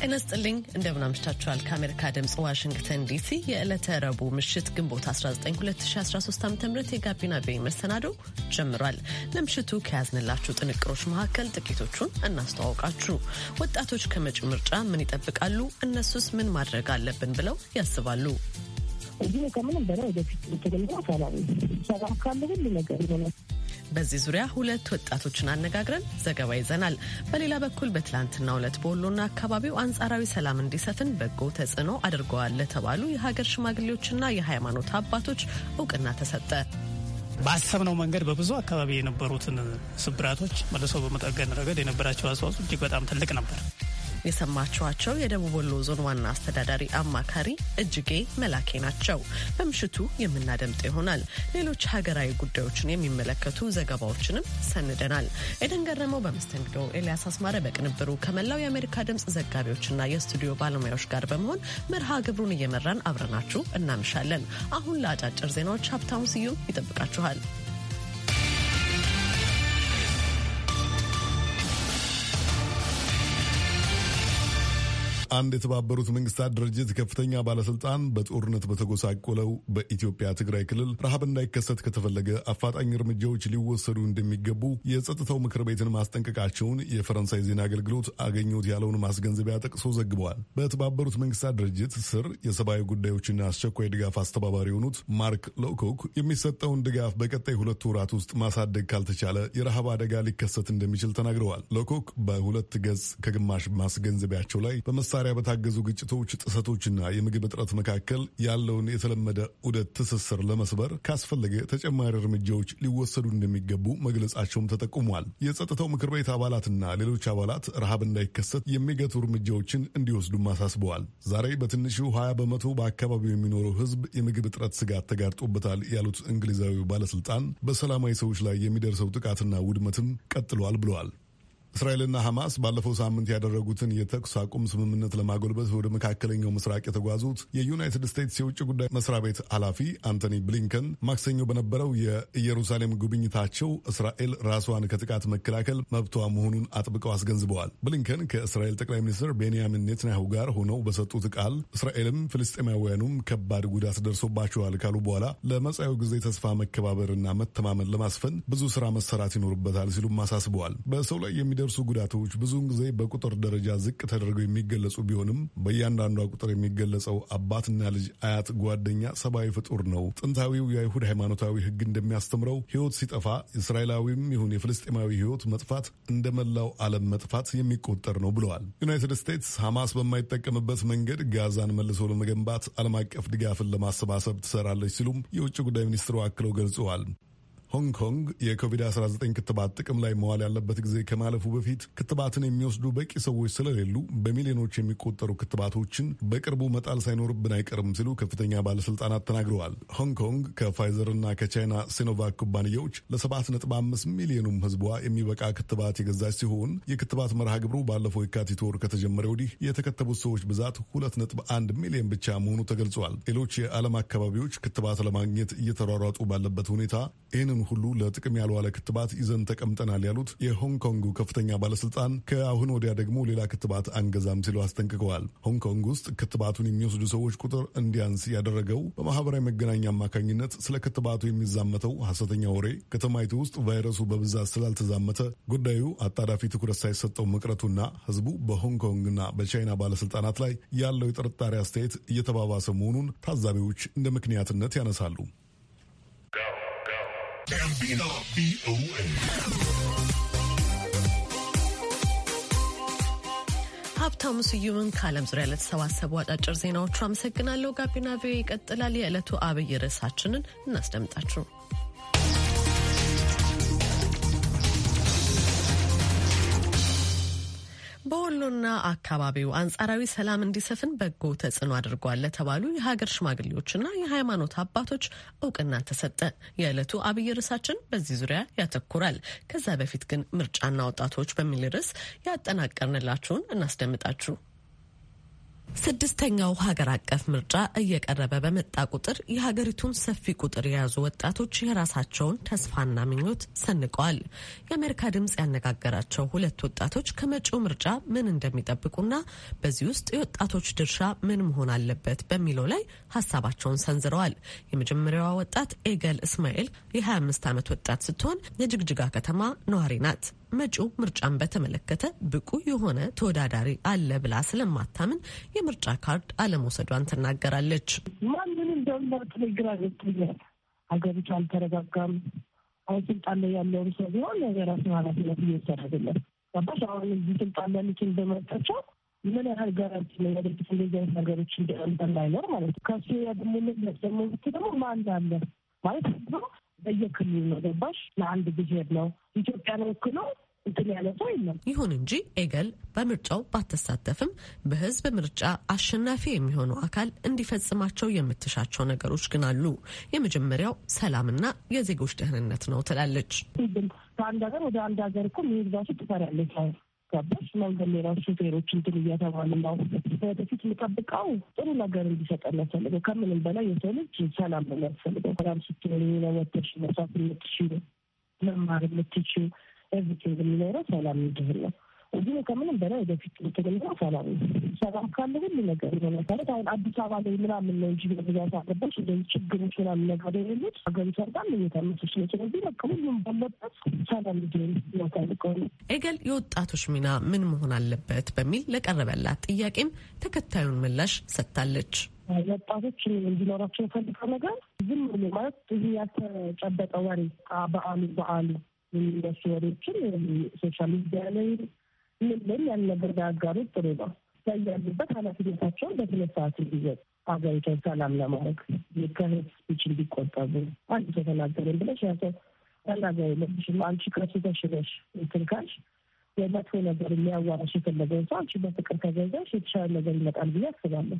ጤና ስጥልኝ እንደምን አምሽታችኋል። ከአሜሪካ ድምፅ ዋሽንግተን ዲሲ የዕለተ ረቡዕ ምሽት ግንቦት 19 2013 ዓ ም የጋቢና ቤ መሰናዶ ጀምሯል። ለምሽቱ ከያዝንላችሁ ጥንቅሮች መካከል ጥቂቶቹን እናስተዋውቃችሁ። ወጣቶች ከመጪው ምርጫ ምን ይጠብቃሉ? እነሱስ ምን ማድረግ አለብን ብለው ያስባሉ? እዚህ ከምንም በላይ ወደፊት ተገልጾ ሰላም ሰላም ካለ ሁሉ ነገር ይሆናል። በዚህ ዙሪያ ሁለት ወጣቶችን አነጋግረን ዘገባ ይዘናል። በሌላ በኩል በትላንትና ዕለት በወሎና አካባቢው አንጻራዊ ሰላም እንዲሰፍን በጎ ተጽዕኖ አድርገዋል ለተባሉ የሀገር ሽማግሌዎችና የሃይማኖት አባቶች እውቅና ተሰጠ። ባሰብነው መንገድ በብዙ አካባቢ የነበሩትን ስብራቶች መልሶ በመጠገን ረገድ የነበራቸው አስተዋጽኦ እጅግ በጣም ትልቅ ነበር። የሰማችኋቸው የደቡብ ወሎ ዞን ዋና አስተዳዳሪ አማካሪ እጅጌ መላኬ ናቸው። በምሽቱ የምናደምጥ ይሆናል። ሌሎች ሀገራዊ ጉዳዮችን የሚመለከቱ ዘገባዎችንም ሰንደናል። ኤደን ገረመው በመስተንግዶ፣ ኤልያስ አስማረ በቅንብሩ ከመላው የአሜሪካ ድምፅ ዘጋቢዎችና የስቱዲዮ ባለሙያዎች ጋር በመሆን መርሃ ግብሩን እየመራን አብረናችሁ እናምሻለን። አሁን ለአጫጭር ዜናዎች ሀብታሙ ስዩም ይጠብቃችኋል። አንድ የተባበሩት መንግስታት ድርጅት ከፍተኛ ባለስልጣን በጦርነት በተጎሳቆለው በኢትዮጵያ ትግራይ ክልል ረሃብ እንዳይከሰት ከተፈለገ አፋጣኝ እርምጃዎች ሊወሰዱ እንደሚገቡ የጸጥታው ምክር ቤትን ማስጠንቀቃቸውን የፈረንሳይ ዜና አገልግሎት አገኘሁት ያለውን ማስገንዘቢያ ጠቅሶ ዘግበዋል። በተባበሩት መንግስታት ድርጅት ስር የሰብአዊ ጉዳዮችና አስቸኳይ ድጋፍ አስተባባሪ የሆኑት ማርክ ሎኮክ የሚሰጠውን ድጋፍ በቀጣይ ሁለት ወራት ውስጥ ማሳደግ ካልተቻለ የረሃብ አደጋ ሊከሰት እንደሚችል ተናግረዋል። ሎኮክ በሁለት ገጽ ከግማሽ ማስገንዘቢያቸው ላይ በመሳ መሳሪያ በታገዙ ግጭቶች፣ ጥሰቶችና የምግብ እጥረት መካከል ያለውን የተለመደ ዑደት ትስስር ለመስበር ካስፈለገ ተጨማሪ እርምጃዎች ሊወሰዱ እንደሚገቡ መግለጻቸውም ተጠቁሟል። የጸጥታው ምክር ቤት አባላትና ሌሎች አባላት ረሃብ እንዳይከሰት የሚገቱ እርምጃዎችን እንዲወስዱም አሳስበዋል። ዛሬ በትንሹ 20 በመቶ በአካባቢው የሚኖረው ሕዝብ የምግብ እጥረት ስጋት ተጋርጦበታል ያሉት እንግሊዛዊ ባለስልጣን በሰላማዊ ሰዎች ላይ የሚደርሰው ጥቃትና ውድመትም ቀጥሏል ብለዋል። እስራኤልና ሐማስ ባለፈው ሳምንት ያደረጉትን የተኩስ አቁም ስምምነት ለማጎልበት ወደ መካከለኛው ምስራቅ የተጓዙት የዩናይትድ ስቴትስ የውጭ ጉዳይ መስሪያ ቤት ኃላፊ አንቶኒ ብሊንከን ማክሰኞ በነበረው የኢየሩሳሌም ጉብኝታቸው እስራኤል ራሷን ከጥቃት መከላከል መብቷ መሆኑን አጥብቀው አስገንዝበዋል። ብሊንከን ከእስራኤል ጠቅላይ ሚኒስትር ቤንያሚን ኔትንያሁ ጋር ሆነው በሰጡት ቃል እስራኤልም ፍልስጤማውያኑም ከባድ ጉዳት ደርሶባቸዋል ካሉ በኋላ ለመጻዩ ጊዜ ተስፋ መከባበርና መተማመን ለማስፈን ብዙ ስራ መሰራት ይኖርበታል ሲሉም አሳስበዋል። በሰው ላይ የሚደርሱ ጉዳቶች ብዙውን ጊዜ በቁጥር ደረጃ ዝቅ ተደርገው የሚገለጹ ቢሆንም በእያንዳንዷ ቁጥር የሚገለጸው አባትና ልጅ፣ አያት፣ ጓደኛ ሰብአዊ ፍጡር ነው። ጥንታዊው የአይሁድ ሃይማኖታዊ ሕግ እንደሚያስተምረው ሕይወት ሲጠፋ እስራኤላዊም ይሁን የፍልስጤማዊ ሕይወት መጥፋት እንደ መላው ዓለም መጥፋት የሚቆጠር ነው ብለዋል። ዩናይትድ ስቴትስ ሐማስ በማይጠቀምበት መንገድ ጋዛን መልሶ ለመገንባት ዓለም አቀፍ ድጋፍን ለማሰባሰብ ትሰራለች ሲሉም የውጭ ጉዳይ ሚኒስትሩ አክለው ገልጸዋል። ሆንግ ኮንግ የኮቪድ-19 ክትባት ጥቅም ላይ መዋል ያለበት ጊዜ ከማለፉ በፊት ክትባትን የሚወስዱ በቂ ሰዎች ስለሌሉ በሚሊዮኖች የሚቆጠሩ ክትባቶችን በቅርቡ መጣል ሳይኖርብን አይቀርም ሲሉ ከፍተኛ ባለስልጣናት ተናግረዋል። ሆንግ ኮንግ ከፋይዘርና ከቻይና ሲኖቫክ ኩባንያዎች ለ7.5 ሚሊዮኑም ህዝቧ የሚበቃ ክትባት የገዛች ሲሆን የክትባት መርሃ ግብሩ ባለፈው የካቲት ወር ከተጀመረ ወዲህ የተከተቡት ሰዎች ብዛት 2.1 ሚሊዮን ብቻ መሆኑ ተገልጿል። ሌሎች የዓለም አካባቢዎች ክትባት ለማግኘት እየተሯሯጡ ባለበት ሁኔታ ይህንን ያልሆነን ሁሉ ለጥቅም ያልዋለ ክትባት ይዘን ተቀምጠናል ያሉት የሆንግ ኮንጉ ከፍተኛ ባለስልጣን ከአሁን ወዲያ ደግሞ ሌላ ክትባት አንገዛም ሲሉ አስጠንቅቀዋል። ሆንግ ኮንግ ውስጥ ክትባቱን የሚወስዱ ሰዎች ቁጥር እንዲያንስ ያደረገው በማህበራዊ መገናኛ አማካኝነት ስለ ክትባቱ የሚዛመተው ሐሰተኛ ወሬ ከተማይቱ ውስጥ ቫይረሱ በብዛት ስላልተዛመተ ጉዳዩ አጣዳፊ ትኩረት ሳይሰጠው መቅረቱና ህዝቡ በሆንግ ኮንግና በቻይና ባለስልጣናት ላይ ያለው የጥርጣሬ አስተያየት እየተባባሰ መሆኑን ታዛቢዎች እንደ ምክንያትነት ያነሳሉ። ጋቢና ቪኦኤ ሀብታሙ ስዩምን ከዓለም ዙሪያ ለተሰባሰቡ አጫጭር ዜናዎቹ አመሰግናለሁ። ጋቢና ቪኦኤ ይቀጥላል። የዕለቱ አብይ ርዕሳችንን እናስደምጣችሁ። በወሎና አካባቢው አንጻራዊ ሰላም እንዲሰፍን በጎ ተጽዕኖ አድርጓል ለተባሉ የሀገር ሽማግሌዎችና የሃይማኖት አባቶች እውቅና ተሰጠ። የዕለቱ አብይ ርዕሳችን በዚህ ዙሪያ ያተኩራል። ከዛ በፊት ግን ምርጫና ወጣቶች በሚል ርዕስ ያጠናቀርንላችሁን እናስደምጣችሁ። ስድስተኛው ሀገር አቀፍ ምርጫ እየቀረበ በመጣ ቁጥር የሀገሪቱን ሰፊ ቁጥር የያዙ ወጣቶች የራሳቸውን ተስፋና ምኞት ሰንቀዋል። የአሜሪካ ድምፅ ያነጋገራቸው ሁለት ወጣቶች ከመጪው ምርጫ ምን እንደሚጠብቁና በዚህ ውስጥ የወጣቶች ድርሻ ምን መሆን አለበት በሚለው ላይ ሀሳባቸውን ሰንዝረዋል። የመጀመሪያዋ ወጣት ኤገል እስማኤል የ25 ዓመት ወጣት ስትሆን የጅግጅጋ ከተማ ነዋሪ ናት። መጪው ምርጫን በተመለከተ ብቁ የሆነ ተወዳዳሪ አለ ብላ ስለማታምን የምርጫ ካርድ አለመውሰዷን ትናገራለች። ማንን እንደምናበትለይ ግራ ገብቶኛል። ሀገሪቱ አልተረጋጋም። አሁን ስልጣን ላይ ያለውም ሰው ቢሆን የራሱን ኃላፊነት እየወሰዳደለን ባባሽ አሁን እዚህ ስልጣን ያሉትን በመረጣቸው ምን ያህል ጋራንቲ ነው ያደርግት እንደዚህ አይነት ነገሮች እንዳይኖር ማለት ነው። ከሱ ያድሙልን ደግሞ ደግሞ ማን አለ ማለት ነው በየክልሉ ነው ገባሽ? ለአንድ ብሄር ነው ኢትዮጵያን ወክሎ እንትን ያለ ሰው የለም። ይሁን እንጂ ኤገል በምርጫው ባትሳተፍም በህዝብ ምርጫ አሸናፊ የሚሆነው አካል እንዲፈጽማቸው የምትሻቸው ነገሮች ግን አሉ። የመጀመሪያው ሰላምና የዜጎች ደህንነት ነው ትላለች። ከአንድ ሀገር ወደ አንድ ሀገር እኮ መሄድ ትፈሪያለች። ገባሽ? መንገድ ሌላው ሾፌሮች እንትን እየተባሉ ነው። ወደፊት የምጠብቀው ጥሩ ነገር እንዲሰጠን ያስፈልገው። ከምንም በላይ የሰው ልጅ ሰላም ነው ያስፈልገው። ሰላም ስትሆን ነው ወጥተሽ መስራት የምትችይው መማር የምትችይው ኤቭሪቲንግ የሚኖረው ሰላም እንድህል ነው። እዚህ ከምንም በላይ ወደፊት የተገኘ ሰላም ሰላም ካለ ሁሉ ነገር መሰረት አሁን አዲስ አበባ ላይ ምናምን ነው እንጂ በብዛት አለባች እንደዚህ ችግሮች ምናምን ነገር የሌሎች ሀገሪቷ ሰርጣም እየታመሰች ነው። ስለዚህ በቃ ሁሉም ባለበት ሰላም ልጅ ያሳልቀው ነው። ኤገል የወጣቶች ሚና ምን መሆን አለበት በሚል ለቀረበላት ጥያቄም ተከታዩን ምላሽ ሰጥታለች። ወጣቶች እንዲኖራቸው የፈልገው ነገር ዝም ብሎ ማለት እዚህ ያልተጨበጠ ወሬ በአሉ በአሉ የሚነሱ ወሬዎችን ሶሻል ሚዲያ ላይ ምንም ያን ነገር ቢያጋሩት ጥሩ ነው። ያሉበት ኃላፊነታቸውን በትምህርት ሰዓት እንዲዘጥ አገሪቷን ሰላም ለማድረግ የከህት ስፒች እንዲቆጠቡ አንድ ሰው ተናገረን ብለሽ ያ ሰው ተናገ የለብሽም አንቺ ከሱ ተሽለሽ ትንካሽ የመጥፎ ነገር የሚያዋራሽ የፈለገውን ሰው አንቺ በፍቅር ከገዛሽ የተሻለ ነገር ይመጣል ብዬ አስባለሁ።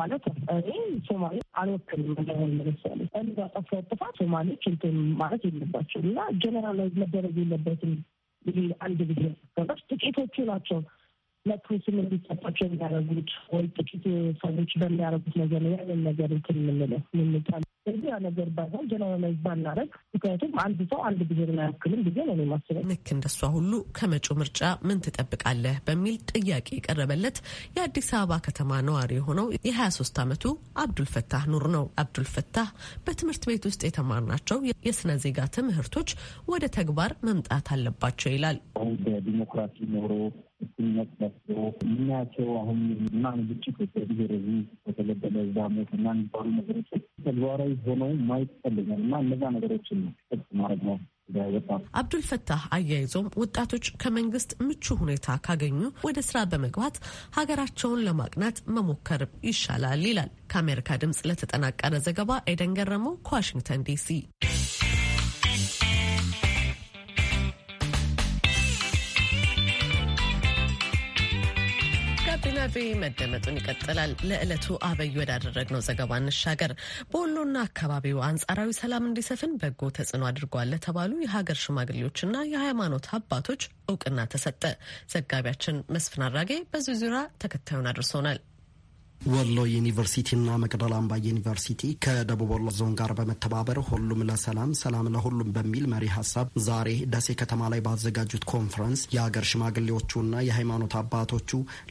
ማለት እኔ ሶማሌ አልወክልም እንደሆን መለሳለ እንዲ ጠፋ ጥፋት ሶማሌዎች እንትን ማለት የለባቸው እና ጀነራላይዝ መደረግ የለበትም እንግዲህ አንድ ጊዜ ሰዎች ጥቂቶቹ ናቸው ለፕሪስም እንዲሰጣቸው የሚያደርጉት ወይ ጥቂት ሰዎች በሚያደርጉት ነገር ያንን ነገር እንትን የምንለው ምንጣ ያ ነገር ባይሆን ጀነራላይዝ ባናረግ፣ ምክንያቱም አንድ ሰው አንድ ብሄር አያክልም ጊዜ ነው የማስበው። ልክ እንደሷ ሁሉ ከመጪው ምርጫ ምን ትጠብቃለህ በሚል ጥያቄ የቀረበለት የአዲስ አበባ ከተማ ነዋሪ የሆነው የ23 ዓመቱ አብዱልፈታህ ኑር ነው። አብዱልፈታህ በትምህርት ቤት ውስጥ የተማርናቸው የስነ ዜጋ ትምህርቶች ወደ ተግባር መምጣት አለባቸው ይላል። አሁን በዲሞክራሲ ኖሮ እኩልነት መስሎ የምናያቸው አሁን ምናምን ግጭቶች በዚህ ወደዚህ በተገደለ እዛ ሞት እና የሚባሉ ነገሮች ተግባራዊ ሆነው ማየት ይፈልጋል እና እነዛ ነገሮችን ጥቅ ማድረግ ነው። አብዱልፈታህ አያይዞም ወጣቶች ከመንግስት ምቹ ሁኔታ ካገኙ ወደ ስራ በመግባት ሀገራቸውን ለማቅናት መሞከር ይሻላል ይላል። ከአሜሪካ ድምጽ ለተጠናቀረ ዘገባ ኤደን ገረመው ከዋሽንግተን ዲሲ ቪኦኤ መደመጡን ይቀጥላል። ለዕለቱ አበይ ወዳደረግነው ዘገባ እንሻገር። በወሎና አካባቢው አንጻራዊ ሰላም እንዲሰፍን በጎ ተጽዕኖ አድርጓል ለተባሉ የሀገር ሽማግሌዎችና የሃይማኖት አባቶች እውቅና ተሰጠ። ዘጋቢያችን መስፍን አራጌ በዚህ ዙሪያ ተከታዩን አድርሶናል። ወሎ ዩኒቨርሲቲና መቅደላ አምባ ዩኒቨርሲቲ ከደቡብ ወሎ ዞን ጋር በመተባበር ሁሉም ለሰላም ሰላም ለሁሉም በሚል መሪ ሀሳብ ዛሬ ደሴ ከተማ ላይ ባዘጋጁት ኮንፈረንስ የሀገር ሽማግሌዎቹና የሃይማኖት አባቶቹ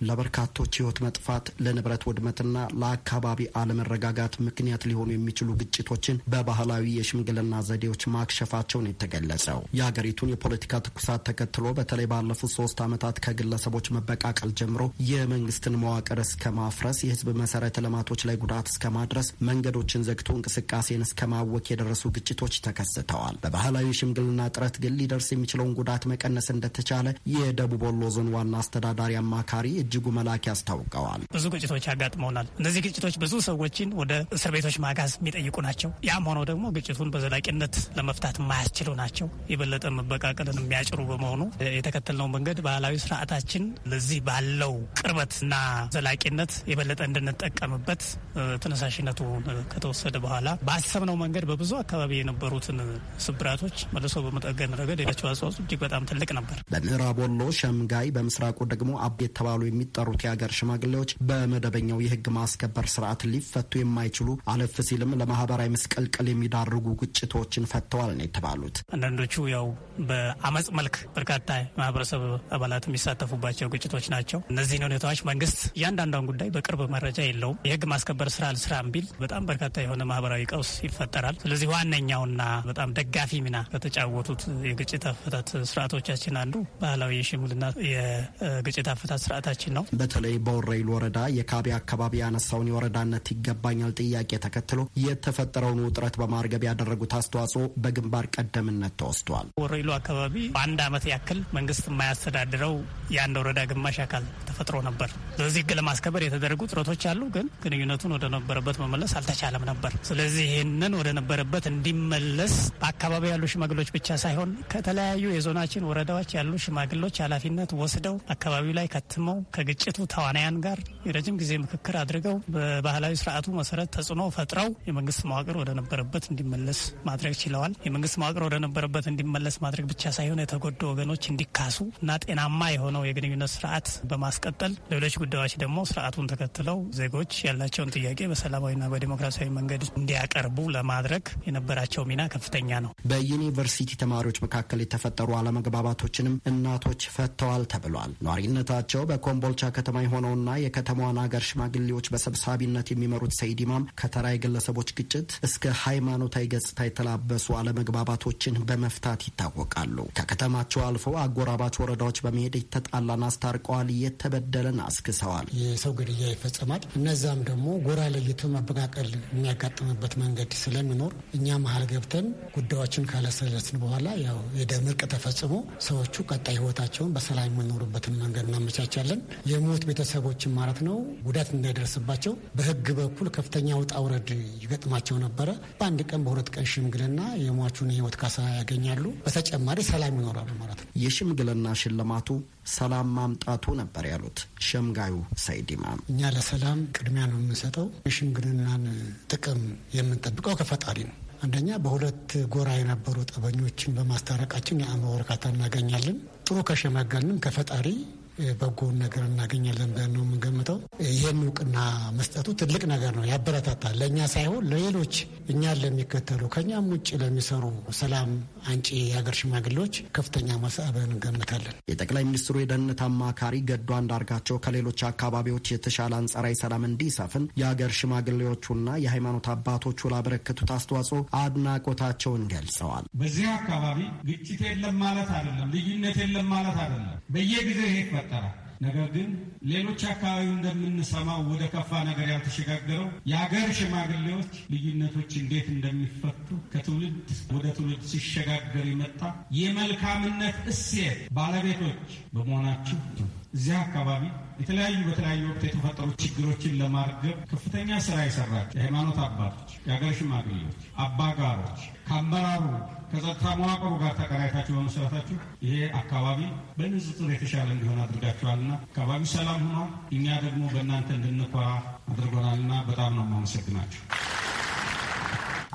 ለበርካቶች ሕይወት መጥፋት ለንብረት ውድመትና ለአካባቢ አለመረጋጋት ምክንያት ሊሆኑ የሚችሉ ግጭቶችን በባህላዊ የሽምግልና ዘዴዎች ማክሸፋቸውን የተገለጸው የአገሪቱን የፖለቲካ ትኩሳት ተከትሎ በተለይ ባለፉት ሶስት ዓመታት ከግለሰቦች መበቃቀል ጀምሮ የመንግስትን መዋቅር እስከ ማፍረስ የህዝብ መሰረተ ልማቶች ላይ ጉዳት እስከ ማድረስ መንገዶችን ዘግቶ እንቅስቃሴን እስከ ማወክ የደረሱ ግጭቶች ተከስተዋል። በባህላዊ ሽምግልና ጥረት ግን ሊደርስ የሚችለውን ጉዳት መቀነስ እንደተቻለ የደቡብ ወሎ ዞን ዋና አስተዳዳሪ አማካሪ እጅጉ መላክ አስታውቀዋል። ብዙ ግጭቶች ያጋጥመውናል። እነዚህ ግጭቶች ብዙ ሰዎችን ወደ እስር ቤቶች ማጋዝ የሚጠይቁ ናቸው። ያም ሆኖ ደግሞ ግጭቱን በዘላቂነት ለመፍታት የማያስችሉ ናቸው። የበለጠ መበቃቀልን የሚያጭሩ በመሆኑ የተከተልነው መንገድ ባህላዊ ስርዓታችን ለዚህ ባለው ቅርበትና ዘላቂነት የበለጠ እንድንጠቀምበት ተነሳሽነቱ ከተወሰደ በኋላ ባሰብነው መንገድ በብዙ አካባቢ የነበሩትን ስብራቶች መልሶ በመጠገን ረገድ ሄዳቸው አስተዋጽኦ እጅግ በጣም ትልቅ ነበር። በምዕራብ ወሎ ሸምጋይ፣ በምስራቁ ደግሞ አቤ የተባሉ የሚጠሩት የሀገር ሽማግሌዎች በመደበኛው የህግ ማስከበር ስርዓት ሊፈቱ የማይችሉ አለፍ ሲልም ለማህበራዊ መስቀልቀል የሚዳርጉ ግጭቶችን ፈተዋል ነው የተባሉት። አንዳንዶቹ ያው በአመፅ መልክ በርካታ ማህበረሰብ አባላት የሚሳተፉባቸው ግጭቶች ናቸው። እነዚህን ሁኔታዎች መንግስት እያንዳንዷን ጉዳይ በቅርብ መረጃ የለውም። የህግ ማስከበር ስራ አልስራም ቢል በጣም በርካታ የሆነ ማህበራዊ ቀውስ ይፈጠራል። ስለዚህ ዋነኛውና በጣም ደጋፊ ሚና ከተጫወቱት የግጭት አፈታት ስርዓቶቻችን አንዱ ባህላዊ የሽምግልና የግጭት አፈታት ስርዓታችን ነው። በተለይ በወረይሉ ወረዳ የካቢ አካባቢ ያነሳውን የወረዳነት ይገባኛል ጥያቄ ተከትሎ የተፈጠረውን ውጥረት በማርገብ ያደረጉት አስተዋጽኦ በግንባር ቀደምነት ተወስቷል። ወረይሉ አካባቢ በአንድ ዓመት ያክል መንግስት የማያስተዳድረው የአንድ ወረዳ ግማሽ አካል ተፈጥሮ ነበር። ስለዚህ ህግ ለማስከበር የተደረጉ ጥረቶች ጥረቶች አሉ፣ ግን ግንኙነቱን ወደ ነበረበት መመለስ አልተቻለም ነበር። ስለዚህ ይህንን ወደ ነበረበት እንዲመለስ በአካባቢ ያሉ ሽማግሎች ብቻ ሳይሆን ከተለያዩ የዞናችን ወረዳዎች ያሉ ሽማግሎች ኃላፊነት ወስደው አካባቢው ላይ ከትመው ከግጭቱ ተዋናያን ጋር የረጅም ጊዜ ምክክር አድርገው በባህላዊ ስርዓቱ መሰረት ተጽዕኖ ፈጥረው የመንግስት መዋቅር ወደ ነበረበት እንዲመለስ ማድረግ ችለዋል። የመንግስት መዋቅር ወደ ነበረበት እንዲመለስ ማድረግ ብቻ ሳይሆን የተጎዱ ወገኖች እንዲካሱ እና ጤናማ የሆነው የግንኙነት ስርዓት በማስቀጠል ሌሎች ጉዳዮች ደግሞ ስርዓቱን ተከትለው ዋናው ዜጎች ያላቸውን ጥያቄ በሰላማዊና በዲሞክራሲያዊ መንገድ እንዲያቀርቡ ለማድረግ የነበራቸው ሚና ከፍተኛ ነው። በዩኒቨርሲቲ ተማሪዎች መካከል የተፈጠሩ አለመግባባቶችንም እናቶች ፈተዋል ተብሏል። ነዋሪነታቸው በኮምቦልቻ ከተማ የሆነውና የከተማዋን አገር ሽማግሌዎች በሰብሳቢነት የሚመሩት ሰይድ ኢማም ከተራይ ግለሰቦች ግጭት እስከ ሃይማኖታዊ ገጽታ የተላበሱ አለመግባባቶችን በመፍታት ይታወቃሉ። ከከተማቸው አልፈው አጎራባች ወረዳዎች በመሄድ የተጣላን አስታርቀዋል፣ የተበደለን አስክሰዋል። የሰው ግድያ ያጋጥማል። እነዛም ደግሞ ጎራ ለይቶ መበቃቀል የሚያጋጥምበት መንገድ ስለሚኖር እኛ መሀል ገብተን ጉዳዮችን ካለሰለስን በኋላ ያው የደም እርቅ ተፈጽሞ ሰዎቹ ቀጣይ ህይወታቸውን በሰላም የሚኖሩበትን መንገድ እናመቻቻለን። የሞት ቤተሰቦችን ማለት ነው ጉዳት እንዳይደርስባቸው በህግ በኩል ከፍተኛ ውጣ ውረድ ይገጥማቸው ነበረ። በአንድ ቀን በሁለት ቀን ሽምግልና የሟቹን ህይወት ካሳ ያገኛሉ። በተጨማሪ ሰላም ይኖራሉ ማለት ነው። የሽምግልና ሽልማቱ ሰላም ማምጣቱ ነበር ያሉት ሸምጋዩ ሰይድ ኢማም። እኛ ለሰላም ቅድሚያ ነው የምንሰጠው። የሽምግልናን ጥቅም የምንጠብቀው ከፈጣሪ ነው። አንደኛ በሁለት ጎራ የነበሩ ጠበኞችን በማስታረቃችን የአእምሮ እርካታ እናገኛለን። ጥሩ ከሸመገልንም ከፈጣሪ በጎን ነገር እናገኛለን ብለን ነው የምንገምተው። ይህን እውቅና መስጠቱ ትልቅ ነገር ነው፣ ያበረታታል። ለእኛ ሳይሆን ለሌሎች እኛን ለሚከተሉ ከእኛም ውጭ ለሚሰሩ ሰላም አንጪ የሀገር ሽማግሌዎች ከፍተኛ መሳበን እንገምታለን። የጠቅላይ ሚኒስትሩ የደህንነት አማካሪ ገዱ አንዳርጋቸው ከሌሎች አካባቢዎች የተሻለ አንጻራዊ ሰላም እንዲሰፍን የሀገር ሽማግሌዎቹና የሃይማኖት አባቶቹ ላበረከቱት አስተዋጽኦ አድናቆታቸውን ገልጸዋል። በዚህ አካባቢ ግጭት የለም ማለት አይደለም፣ ልዩነት የለም ማለት አይደለም። በየጊዜ ይሄ ይፈጠራል። ነገር ግን ሌሎች አካባቢ እንደምንሰማው ወደ ከፋ ነገር ያልተሸጋገረው የአገር ሽማግሌዎች ልዩነቶች እንዴት እንደሚፈቱ ከትውልድ ወደ ትውልድ ሲሸጋገር የመጣ የመልካምነት እሴት ባለቤቶች በመሆናችሁ እዚያ አካባቢ የተለያዩ በተለያዩ ወቅት የተፈጠሩ ችግሮችን ለማርገብ ከፍተኛ ስራ የሰራች የሃይማኖት አባቶች፣ የሀገር ሽማግሌዎች፣ አባጋሮች ከአመራሩ ከጸጥታ መዋቅሩ ጋር ተቀናይታችሁ በመስራታችሁ ይሄ አካባቢ በንጽጽር የተሻለ እንዲሆን አድርጋችኋልና አካባቢው ሰላም ሆኖ እኛ ደግሞ በእናንተ እንድንኮራ አድርጎናልና በጣም ነው የማመሰግናችሁ።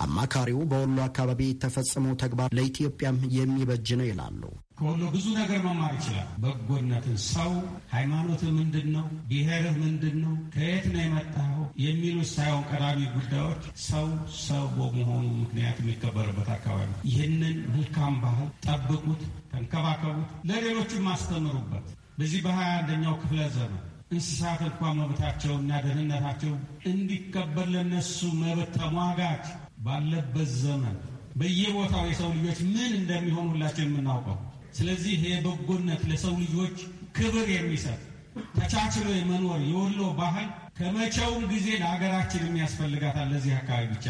አማካሪው በወሎ አካባቢ ተፈጽሞ ተግባር ለኢትዮጵያም የሚበጅ ነው ይላሉ። ከሁሉ ብዙ ነገር መማር ይችላል። በጎነትን፣ ሰው ሃይማኖት ምንድን ነው፣ ብሔርህ ምንድን ነው፣ ከየት ነው የመጣኸው የሚሉ ሳይሆን ቀዳሚ ጉዳዮች ሰው ሰው በመሆኑ ምክንያት የሚከበርበት አካባቢ ይህንን መልካም ባህል ጠብቁት፣ ተንከባከቡት፣ ለሌሎችም አስተምሩበት። በዚህ በሀያ አንደኛው ክፍለ ዘመን እንስሳት እንኳን መብታቸውና ደህንነታቸው እንዲከበር ለነሱ መብት ተሟጋች ባለበት ዘመን በየቦታው የሰው ልጆች ምን እንደሚሆን ሁላችን የምናውቀው ስለዚህ ይሄ በጎነት ለሰው ልጆች ክብር የሚሰጥ ተቻችሎ የመኖር የወሎ ባህል ከመቼውም ጊዜ ለሀገራችን የሚያስፈልጋታል። ለዚህ አካባቢ ብቻ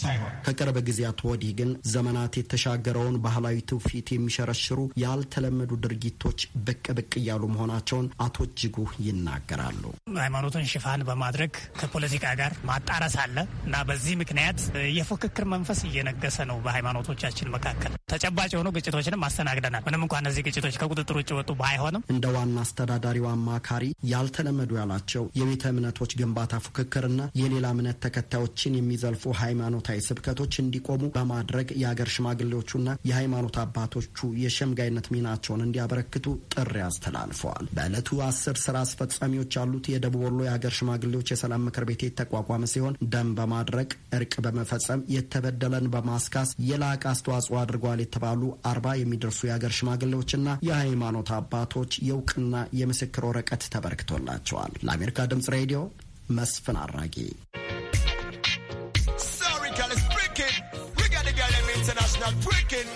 ሳይሆን ከቅርብ ጊዜያት ወዲህ ግን ዘመናት የተሻገረውን ባህላዊ ትውፊት የሚሸረሽሩ ያልተለመዱ ድርጊቶች ብቅ ብቅ እያሉ መሆናቸውን አቶ እጅጉ ይናገራሉ። ሃይማኖትን ሽፋን በማድረግ ከፖለቲካ ጋር ማጣረስ አለ እና በዚህ ምክንያት የፉክክር መንፈስ እየነገሰ ነው። በሃይማኖቶቻችን መካከል ተጨባጭ የሆኑ ግጭቶችንም አስተናግደናል። ምንም እንኳን እነዚህ ግጭቶች ከቁጥጥር ውጭ ወጡ ባይሆንም እንደ ዋና አስተዳዳሪው አማካሪ ያልተለመዱ ያላቸው የቤተ እምነቶች ግንባታ ፉክክርና የሌላ እምነት ተከታዮችን የሚዘልፉ ሃይማኖታዊ ስብከቶች እንዲቆሙ በማድረግ የአገር ሽማግሌዎቹና የሃይማኖት አባቶቹ የሸምጋይነት ሚናቸውን እንዲያበረክቱ ጥሪ አስተላልፈዋል። በዕለቱ አስር ስራ አስፈጻሚዎች ያሉት የደቡብ ወሎ የሀገር ሽማግሌዎች የሰላም ምክር ቤት የተቋቋመ ሲሆን ደም በማድረግ እርቅ በመፈጸም የተበደለን በማስካስ የላቀ አስተዋጽኦ አድርጓል የተባሉ አርባ የሚደርሱ የሀገር ሽማግሌዎችና የሃይማኖት አባቶች የእውቅና የምስክር ወረቀት ተበርክቶላቸዋል። ለአሜሪካ ድምጽ ሬዲዮ መስፍን አራጌ Sorry, breaking. We got the girl international breaking.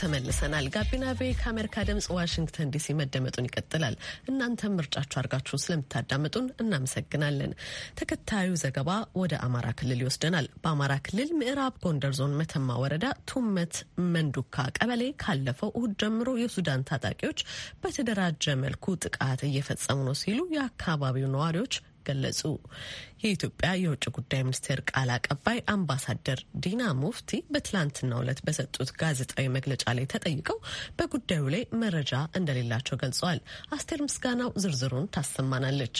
ተመልሰናል። ጋቢና ቤ ከአሜሪካ ድምጽ ዋሽንግተን ዲሲ መደመጡን ይቀጥላል። እናንተም ምርጫችሁ አድርጋችሁ ስለምታዳምጡን እናመሰግናለን። ተከታዩ ዘገባ ወደ አማራ ክልል ይወስደናል። በአማራ ክልል ምዕራብ ጎንደር ዞን መተማ ወረዳ ቱመት መንዱካ ቀበሌ ካለፈው እሁድ ጀምሮ የሱዳን ታጣቂዎች በተደራጀ መልኩ ጥቃት እየፈጸሙ ነው ሲሉ የአካባቢው ነዋሪዎች ገለጹ። የኢትዮጵያ የውጭ ጉዳይ ሚኒስቴር ቃል አቀባይ አምባሳደር ዲና ሙፍቲ በትላንትናው ዕለት በሰጡት ጋዜጣዊ መግለጫ ላይ ተጠይቀው በጉዳዩ ላይ መረጃ እንደሌላቸው ገልጸዋል። አስቴር ምስጋናው ዝርዝሩን ታሰማናለች።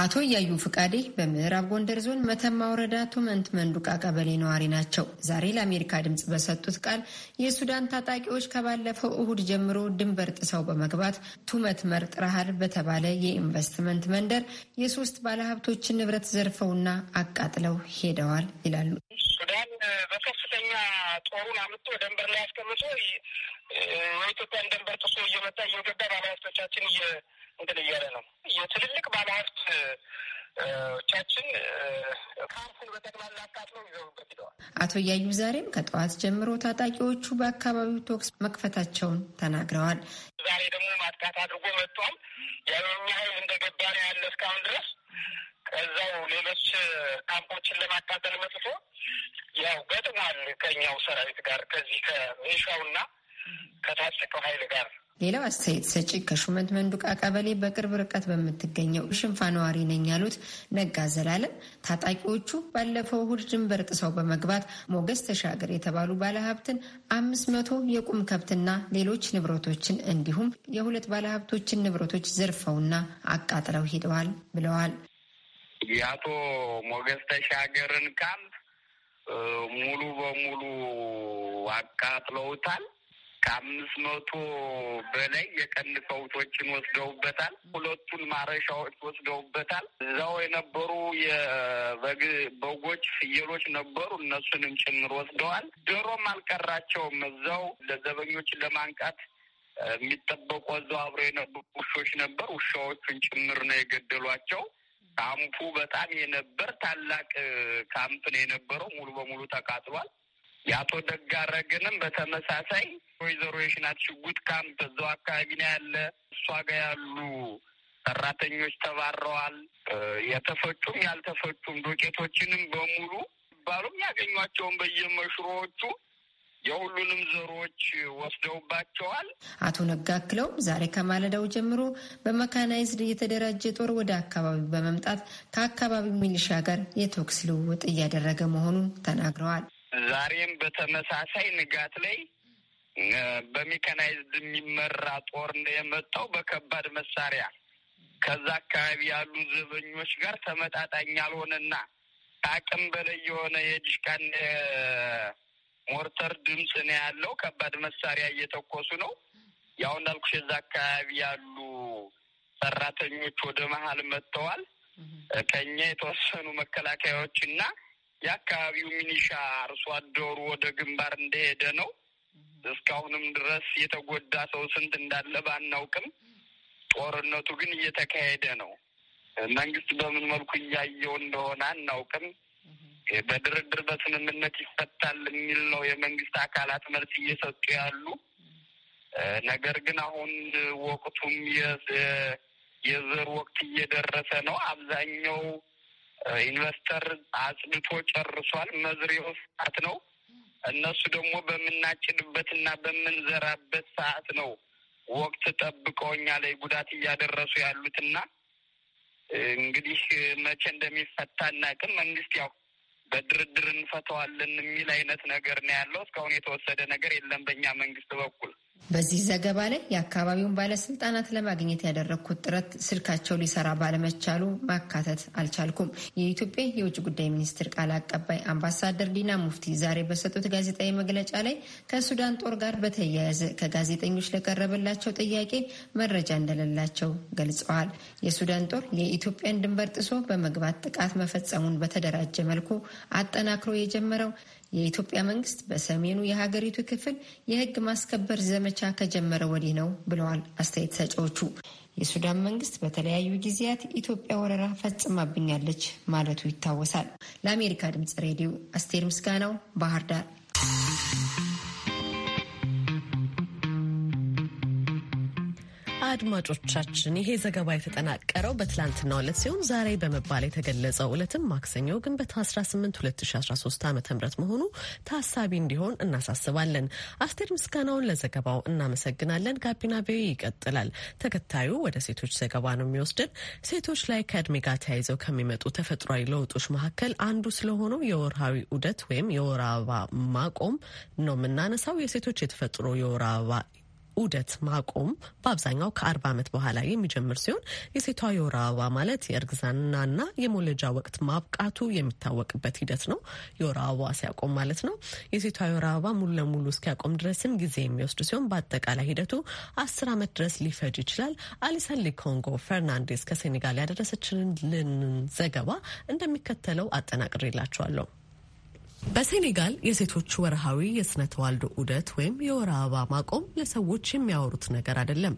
አቶ እያዩ ፍቃዴ በምዕራብ ጎንደር ዞን መተማ ወረዳ ቱመንት መንዱቃ ቀበሌ ነዋሪ ናቸው። ዛሬ ለአሜሪካ ድምፅ በሰጡት ቃል የሱዳን ታጣቂዎች ከባለፈው እሁድ ጀምሮ ድንበር ጥሰው በመግባት ቱመት መርጥ ረሃል በተባለ የኢንቨስትመንት መንደር የሶስት ባለሀብቶችን ንብረት ዘርፈውና አቃጥለው ሄደዋል ይላሉ። ሱዳን በከፍተኛ ጦሩን አምጥቶ ደንበር ላይ አስቀምጦ የኢትዮጵያን ደንበር ጥሶ እየመጣ እየገባ ባለሀብቶቻችን እንትን እያለ ነው። የትልልቅ ባለሀብት ቻችን ካምፑን በጠቅላላ አቃጥለው ሂደዋል። አቶ እያዩ ዛሬም ከጠዋት ጀምሮ ታጣቂዎቹ በአካባቢው ቶክስ መክፈታቸውን ተናግረዋል። ዛሬ ደግሞ ማጥቃት አድርጎ መጥቷል። የኛ ኃይል እንደገባ ነው ያለ እስካሁን ድረስ ከዛው ሌሎች ካምፖችን ለማቃጠል መጥቶ ያው ገጥሟል ከኛው ሰራዊት ጋር ከዚህ ከሚሊሻውና ከታጠቀው ኃይል ጋር ሌላው አስተያየት ሰጪ ከሹመንት መንዱቃ ቀበሌ በቅርብ ርቀት በምትገኘው ሽንፋ ነዋሪ ነኝ ያሉት ነጋ ዘላለም ታጣቂዎቹ ባለፈው እሁድ ድንበር ጥሰው በመግባት ሞገስ ተሻገር የተባሉ ባለሀብትን አምስት መቶ የቁም ከብትና ሌሎች ንብረቶችን እንዲሁም የሁለት ባለሀብቶችን ንብረቶች ዘርፈውና አቃጥለው ሂደዋል ብለዋል። የአቶ ሞገስ ተሻገርን ካምፕ ሙሉ በሙሉ አቃጥለውታል። ከአምስት መቶ በላይ የቀን ፈውቶችን ወስደውበታል። ሁለቱን ማረሻዎች ወስደውበታል። እዛው የነበሩ የበግ በጎች፣ ፍየሎች ነበሩ። እነሱንም ጭምር ወስደዋል። ዶሮም አልቀራቸውም። እዛው ለዘበኞችን ለማንቃት የሚጠበቁ እዛው አብሮ የነበሩ ውሾች ነበር። ውሻዎቹን ጭምር ነው የገደሏቸው። ካምፑ በጣም የነበር ታላቅ ካምፕ ነው የነበረው። ሙሉ በሙሉ ተቃጥሏል። የአቶ ደጋረግንም በተመሳሳይ ወይዘሮ የሽናት ሽጉጥ ካምፕ እዛው አካባቢ ነው ያለ። እሷ ጋ ያሉ ሰራተኞች ተባረዋል። የተፈጩም ያልተፈጩም ዶቄቶችንም በሙሉ ባሉም ያገኟቸውን በየመሽሮዎቹ የሁሉንም ዘሮች ወስደውባቸዋል። አቶ ነጋ አክለውም ዛሬ ከማለዳው ጀምሮ በመካናይዝድ የተደራጀ ጦር ወደ አካባቢው በመምጣት ከአካባቢው ሚሊሻ ጋር የተኩስ ልውውጥ እያደረገ መሆኑን ተናግረዋል። ዛሬም በተመሳሳይ ንጋት ላይ በሜካናይዝድ የሚመራ ጦር እንደ የመጣው በከባድ መሳሪያ ከዛ አካባቢ ያሉ ዘበኞች ጋር ተመጣጣኝ ያልሆነና አቅም በላይ የሆነ የዲሽቃን ሞርተር ድምፅ ነው ያለው። ከባድ መሳሪያ እየተኮሱ ነው። ያው እንዳልኩሽ የዛ አካባቢ ያሉ ሰራተኞች ወደ መሀል መጥተዋል። ከኛ የተወሰኑ መከላከያዎች እና የአካባቢው ሚኒሻ አርሶ አደሩ ወደ ግንባር እንደሄደ ነው። እስካሁንም ድረስ የተጎዳ ሰው ስንት እንዳለ ባናውቅም ጦርነቱ ግን እየተካሄደ ነው። መንግስት በምን መልኩ እያየው እንደሆነ አናውቅም። በድርድር በስምምነት ይፈታል የሚል ነው የመንግስት አካላት መልስ እየሰጡ ያሉ። ነገር ግን አሁን ወቅቱም የዘር ወቅት እየደረሰ ነው። አብዛኛው ኢንቨስተር አጽድቶ ጨርሷል። መዝሪያው ሰዓት ነው። እነሱ ደግሞ በምናጭድበትና በምንዘራበት ሰዓት ነው ወቅት ጠብቀው እኛ ላይ ጉዳት እያደረሱ ያሉትና እንግዲህ መቼ እንደሚፈታ እናቅም። መንግስት ያው በድርድር እንፈተዋለን የሚል አይነት ነገር ነው ያለው። እስካሁን የተወሰደ ነገር የለም በእኛ መንግስት በኩል በዚህ ዘገባ ላይ የአካባቢውን ባለስልጣናት ለማግኘት ያደረግኩት ጥረት ስልካቸው ሊሰራ ባለመቻሉ ማካተት አልቻልኩም። የኢትዮጵያ የውጭ ጉዳይ ሚኒስትር ቃል አቀባይ አምባሳደር ዲና ሙፍቲ ዛሬ በሰጡት ጋዜጣዊ መግለጫ ላይ ከሱዳን ጦር ጋር በተያያዘ ከጋዜጠኞች ለቀረበላቸው ጥያቄ መረጃ እንደሌላቸው ገልጸዋል። የሱዳን ጦር የኢትዮጵያን ድንበር ጥሶ በመግባት ጥቃት መፈጸሙን በተደራጀ መልኩ አጠናክሮ የጀመረው የኢትዮጵያ መንግስት በሰሜኑ የሀገሪቱ ክፍል የህግ ማስከበር ዘመቻ ከጀመረ ወዲህ ነው ብለዋል አስተያየት ሰጫዎቹ። የሱዳን መንግስት በተለያዩ ጊዜያት ኢትዮጵያ ወረራ ፈጽማብኛለች ማለቱ ይታወሳል። ለአሜሪካ ድምጽ ሬዲዮ አስቴር ምስጋናው ባህር ዳር አድማጮቻችን ይሄ ዘገባ የተጠናቀረው በትላንትናው ዕለት ሲሆን ዛሬ በመባል የተገለጸው ዕለትም ማክሰኞ ግንቦት 18 2013 ዓ ም መሆኑ ታሳቢ እንዲሆን እናሳስባለን። አስቴር ምስጋናውን ለዘገባው እናመሰግናለን። ጋቢና ቤ ይቀጥላል። ተከታዩ ወደ ሴቶች ዘገባ ነው የሚወስድን። ሴቶች ላይ ከእድሜ ጋር ተያይዘው ከሚመጡ ተፈጥሯዊ ለውጦች መካከል አንዱ ስለሆነው የወርሃዊ ዑደት ወይም የወር አበባ ማቆም ነው የምናነሳው። የሴቶች የተፈጥሮ የወር አበባ ዑደት ማቆም በአብዛኛው ከአርባ ዓመት በኋላ የሚጀምር ሲሆን የሴቷ የወር አበባ ማለት የእርግዝናና የሞለጃ ወቅት ማብቃቱ የሚታወቅበት ሂደት ነው። የወር አበባ ሲያቆም ማለት ነው። የሴቷ የወር አበባ ሙሉ ለሙሉ እስኪያቆም ድረስም ጊዜ የሚወስድ ሲሆን በአጠቃላይ ሂደቱ አስር ዓመት ድረስ ሊፈጅ ይችላል። አሊሰን ሊኮንጎ ፈርናንዴስ ከሴኔጋል ያደረሰችልን ዘገባ እንደሚከተለው አጠናቅሬላችኋለሁ። በሴኔጋል የሴቶች ወርሃዊ የስነ ተዋልዶ ዑደት ወይም የወር አበባ ማቆም ለሰዎች የሚያወሩት ነገር አይደለም።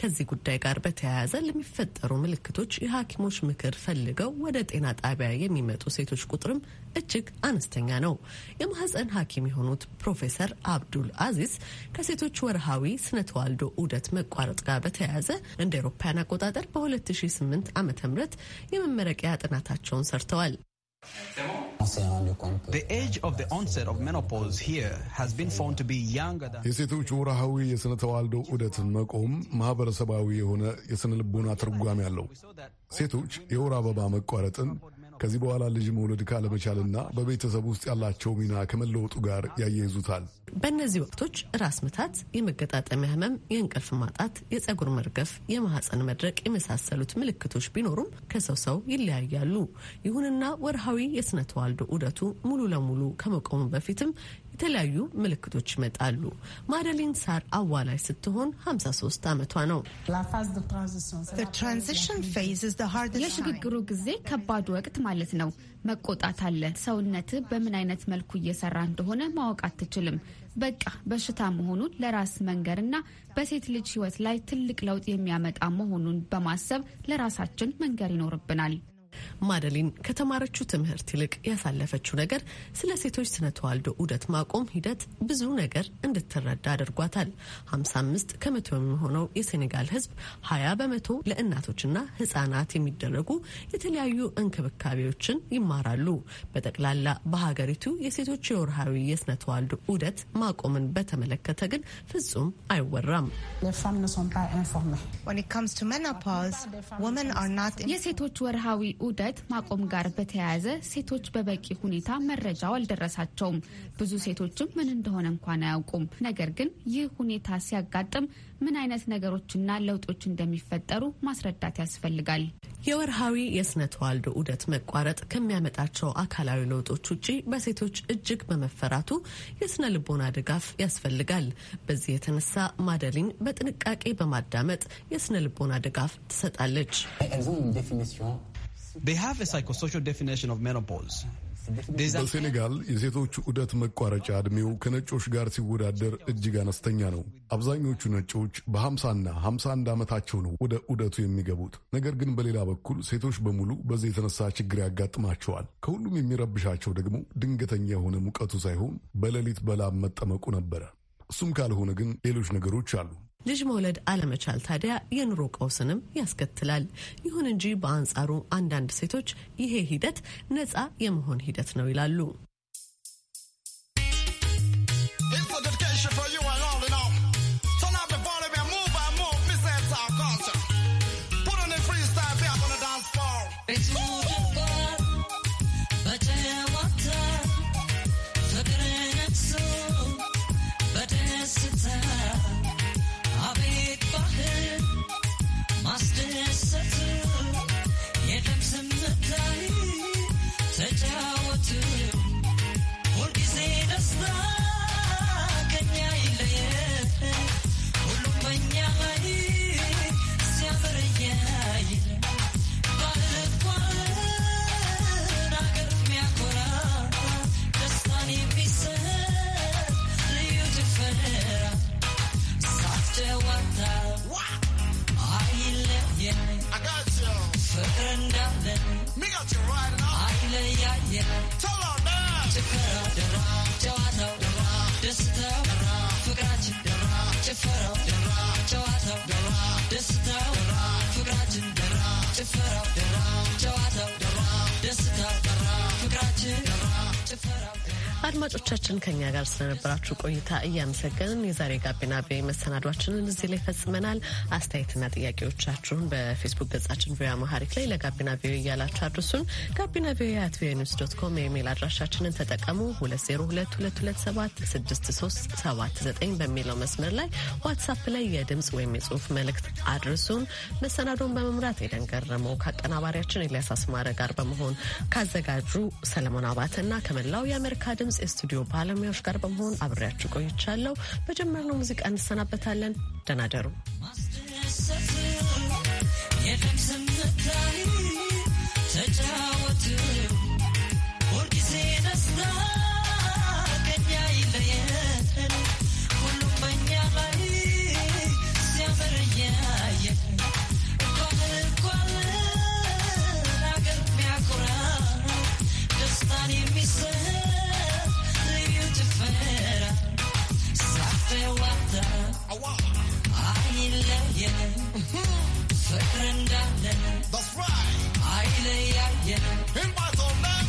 ከዚህ ጉዳይ ጋር በተያያዘ ለሚፈጠሩ ምልክቶች የሐኪሞች ምክር ፈልገው ወደ ጤና ጣቢያ የሚመጡ ሴቶች ቁጥርም እጅግ አነስተኛ ነው። የማህፀን ሐኪም የሆኑት ፕሮፌሰር አብዱል አዚዝ ከሴቶች ወርሃዊ ስነ ተዋልዶ ዑደት መቋረጥ ጋር በተያያዘ እንደ ኤሮፓያን አቆጣጠር በ2008 ዓ ም የመመረቂያ ጥናታቸውን ሰርተዋል። የሴቶች ወርሃዊ የሥነ ተዋልዶ ዑደትን መቆም ማኅበረሰባዊ የሆነ የሥነ ልቦና ትርጓሜ አለው። ሴቶች የወር አበባ መቋረጥን ከዚህ በኋላ ልጅ መውለድ ካለመቻልና በቤተሰብ ውስጥ ያላቸው ሚና ከመለወጡ ጋር ያያይዙታል። በእነዚህ ወቅቶች ራስ ምታት፣ የመገጣጠሚያ ህመም፣ የእንቅልፍ ማጣት፣ የጸጉር መርገፍ፣ የማህፀን መድረቅ የመሳሰሉት ምልክቶች ቢኖሩም ከሰው ሰው ይለያያሉ። ይሁንና ወርሃዊ የስነ ተዋልዶ ዑደቱ ሙሉ ለሙሉ ከመቆሙ በፊትም የተለያዩ ምልክቶች ይመጣሉ። ማደሊን ሳር አዋላጅ ስትሆን 53 ዓመቷ ነው። የሽግግሩ ጊዜ ከባድ ወቅት ማለት ነው። መቆጣት አለ። ሰውነት በምን አይነት መልኩ እየሰራ እንደሆነ ማወቅ አትችልም። በቃ በሽታ መሆኑን ለራስ መንገርና በሴት ልጅ ሕይወት ላይ ትልቅ ለውጥ የሚያመጣ መሆኑን በማሰብ ለራሳችን መንገር ይኖርብናል። ማደሊን ከተማረችው ትምህርት ይልቅ ያሳለፈችው ነገር ስለ ሴቶች ስነ ተዋልዶ ዑደት ማቆም ሂደት ብዙ ነገር እንድትረዳ አድርጓታል። 55 ከመቶ የሚሆነው የሴኔጋል ህዝብ 20 በመቶ ለእናቶችና ህጻናት የሚደረጉ የተለያዩ እንክብካቤዎችን ይማራሉ። በጠቅላላ በሀገሪቱ የሴቶች የወርሃዊ የስነ ተዋልዶ ዑደት ማቆምን በተመለከተ ግን ፍጹም አይወራም። የሴቶች ወርሃዊ ዑደት ማቆም ጋር በተያያዘ ሴቶች በበቂ ሁኔታ መረጃው አልደረሳቸውም። ብዙ ሴቶችም ምን እንደሆነ እንኳን አያውቁም። ነገር ግን ይህ ሁኔታ ሲያጋጥም ምን አይነት ነገሮችና ለውጦች እንደሚፈጠሩ ማስረዳት ያስፈልጋል። የወርሃዊ የስነ ተዋልዶ ዑደት መቋረጥ ከሚያመጣቸው አካላዊ ለውጦች ውጪ በሴቶች እጅግ በመፈራቱ የስነ ልቦና ድጋፍ ያስፈልጋል። በዚህ የተነሳ ማደሊን በጥንቃቄ በማዳመጥ የስነ ልቦና ድጋፍ ትሰጣለች። They have a psychosocial definition of menopause. በሴኔጋል የሴቶች ዑደት መቋረጫ ዕድሜው ከነጮች ጋር ሲወዳደር እጅግ አነስተኛ ነው። አብዛኞቹ ነጮች በ50ና 51 ዓመታቸው ነው ወደ ዑደቱ የሚገቡት። ነገር ግን በሌላ በኩል ሴቶች በሙሉ በዚህ የተነሳ ችግር ያጋጥማቸዋል። ከሁሉም የሚረብሻቸው ደግሞ ድንገተኛ የሆነ ሙቀቱ ሳይሆን በሌሊት በላብ መጠመቁ ነበረ። እሱም ካልሆነ ግን ሌሎች ነገሮች አሉ። ልጅ መውለድ አለመቻል ታዲያ የኑሮ ቀውስንም ያስከትላል። ይሁን እንጂ በአንጻሩ አንዳንድ ሴቶች ይሄ ሂደት ነጻ የመሆን ሂደት ነው ይላሉ። yeah, yeah. Tell her now. አድማጮቻችን ከኛ ጋር ስለነበራችሁ ቆይታ እያመሰገንን የዛሬ ጋቢና ቤ መሰናዷችንን እዚህ ላይ ፈጽመናል። አስተያየትና ጥያቄዎቻችሁን በፌስቡክ ገጻችን ቪያ አማሃሪክ ላይ ለጋቢና ቪኦኤ እያላችሁ አድርሱን። ጋቢና ቪኦኤ አት ቪኦኤ ኒውስ ዶት ኮም የኢሜይል አድራሻችንን ተጠቀሙ። 2022276379 በሚለው መስመር ላይ ዋትሳፕ ላይ የድምፅ ወይም የጽሁፍ መልእክት አድርሱን። መሰናዶን በመምራት ኤደን ገረመው ከአቀናባሪያችን ኤልያስ አስማረ ጋር በመሆን ካዘጋጁ ሰለሞን አባተና ከመላው የአሜሪካ ድምፅ ስቱዲዮ ባለሙያዎች ጋር በመሆን አብሬያችሁ ቆይቻለሁ። በጀመርነው ሙዚቃ እንሰናበታለን። ደህና ደሩ። ተጫወት ሁልጊዜ ደስታ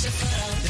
to follow.